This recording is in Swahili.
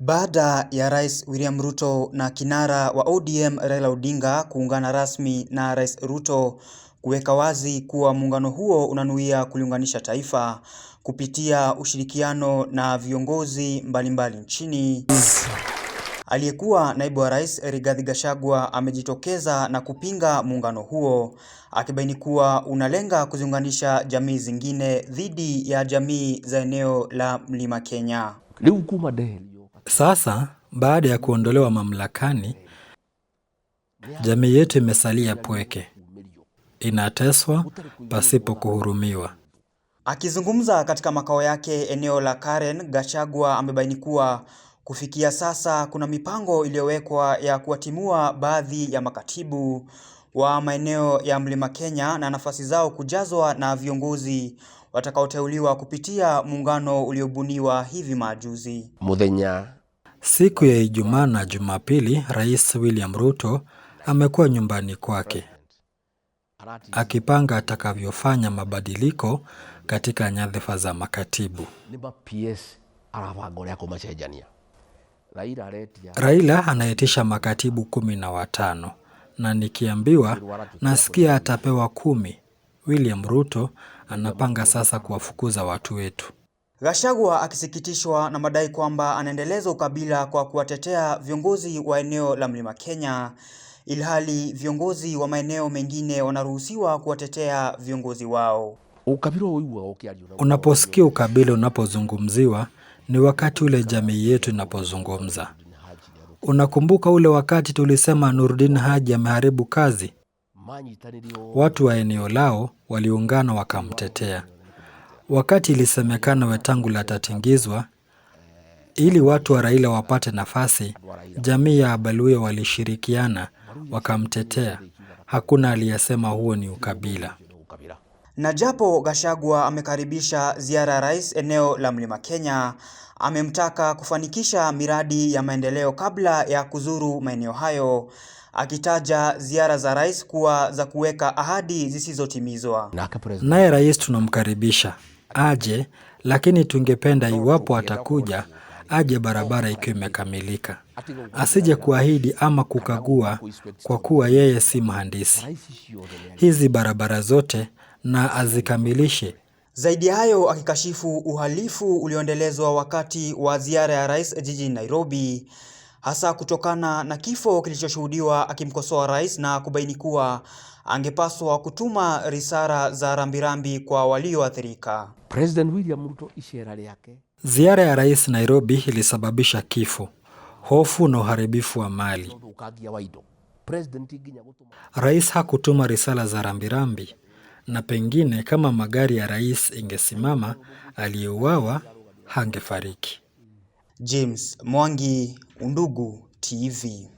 Baada ya Rais William Ruto na kinara wa ODM Raila Odinga kuungana rasmi na Rais Ruto kuweka wazi kuwa muungano huo unanuia kuliunganisha taifa kupitia ushirikiano na viongozi mbalimbali nchini. Aliyekuwa naibu wa rais Rigathi Gachagua amejitokeza na kupinga muungano huo akibaini kuwa unalenga kuziunganisha jamii zingine dhidi ya jamii za eneo la Mlima Kenya. Sasa baada ya kuondolewa mamlakani, jamii yetu imesalia pweke, inateswa pasipo kuhurumiwa. Akizungumza katika makao yake eneo la Karen, Gachagua amebaini kuwa kufikia sasa kuna mipango iliyowekwa ya kuwatimua baadhi ya makatibu wa maeneo ya Mlima Kenya na nafasi zao kujazwa na viongozi watakaoteuliwa kupitia muungano uliobuniwa hivi majuzi. Muthenya Siku ya Ijumaa na Jumapili, Rais William Ruto amekuwa nyumbani kwake akipanga atakavyofanya mabadiliko katika nyadhifa za makatibu. Raila anaitisha makatibu kumi na watano na nikiambiwa nasikia atapewa kumi. William Ruto anapanga sasa kuwafukuza watu wetu. Gachagua akisikitishwa na madai kwamba anaendeleza ukabila kwa kuwatetea viongozi wa eneo la Mlima Kenya ilhali viongozi wa maeneo mengine wanaruhusiwa kuwatetea viongozi wao. Unaposikia ukabila unapozungumziwa ni wakati ule jamii yetu inapozungumza. Unakumbuka ule wakati tulisema Nurdin Haji ameharibu kazi? Watu wa eneo lao waliungana wakamtetea. Wakati ilisemekana Wetangula atatingizwa ili watu wa Raila wapate nafasi, jamii ya Abaluya walishirikiana wakamtetea. Hakuna aliyesema huo ni ukabila. Na japo Gachagua amekaribisha ziara ya rais eneo la Mlima Kenya, amemtaka kufanikisha miradi ya maendeleo kabla ya kuzuru maeneo hayo, akitaja ziara za rais kuwa za kuweka ahadi zisizotimizwa. Naye rais tunamkaribisha aje, lakini tungependa iwapo atakuja, aje barabara ikiwa imekamilika, asije kuahidi ama kukagua, kwa kuwa yeye si mhandisi. Hizi barabara zote na azikamilishe. Zaidi ya hayo, akikashifu uhalifu ulioendelezwa wakati wa ziara ya rais jijini Nairobi hasa kutokana na kifo kilichoshuhudiwa, akimkosoa rais na kubaini kuwa angepaswa kutuma risara za rambirambi kwa walioathirika. President William Ruto ishara yake. Ziara ya rais Nairobi ilisababisha kifo, hofu na uharibifu wa mali. Rais hakutuma risala za rambirambi, na pengine kama magari ya rais ingesimama, aliyeuawa hangefariki. James Mwangi Undugu TV.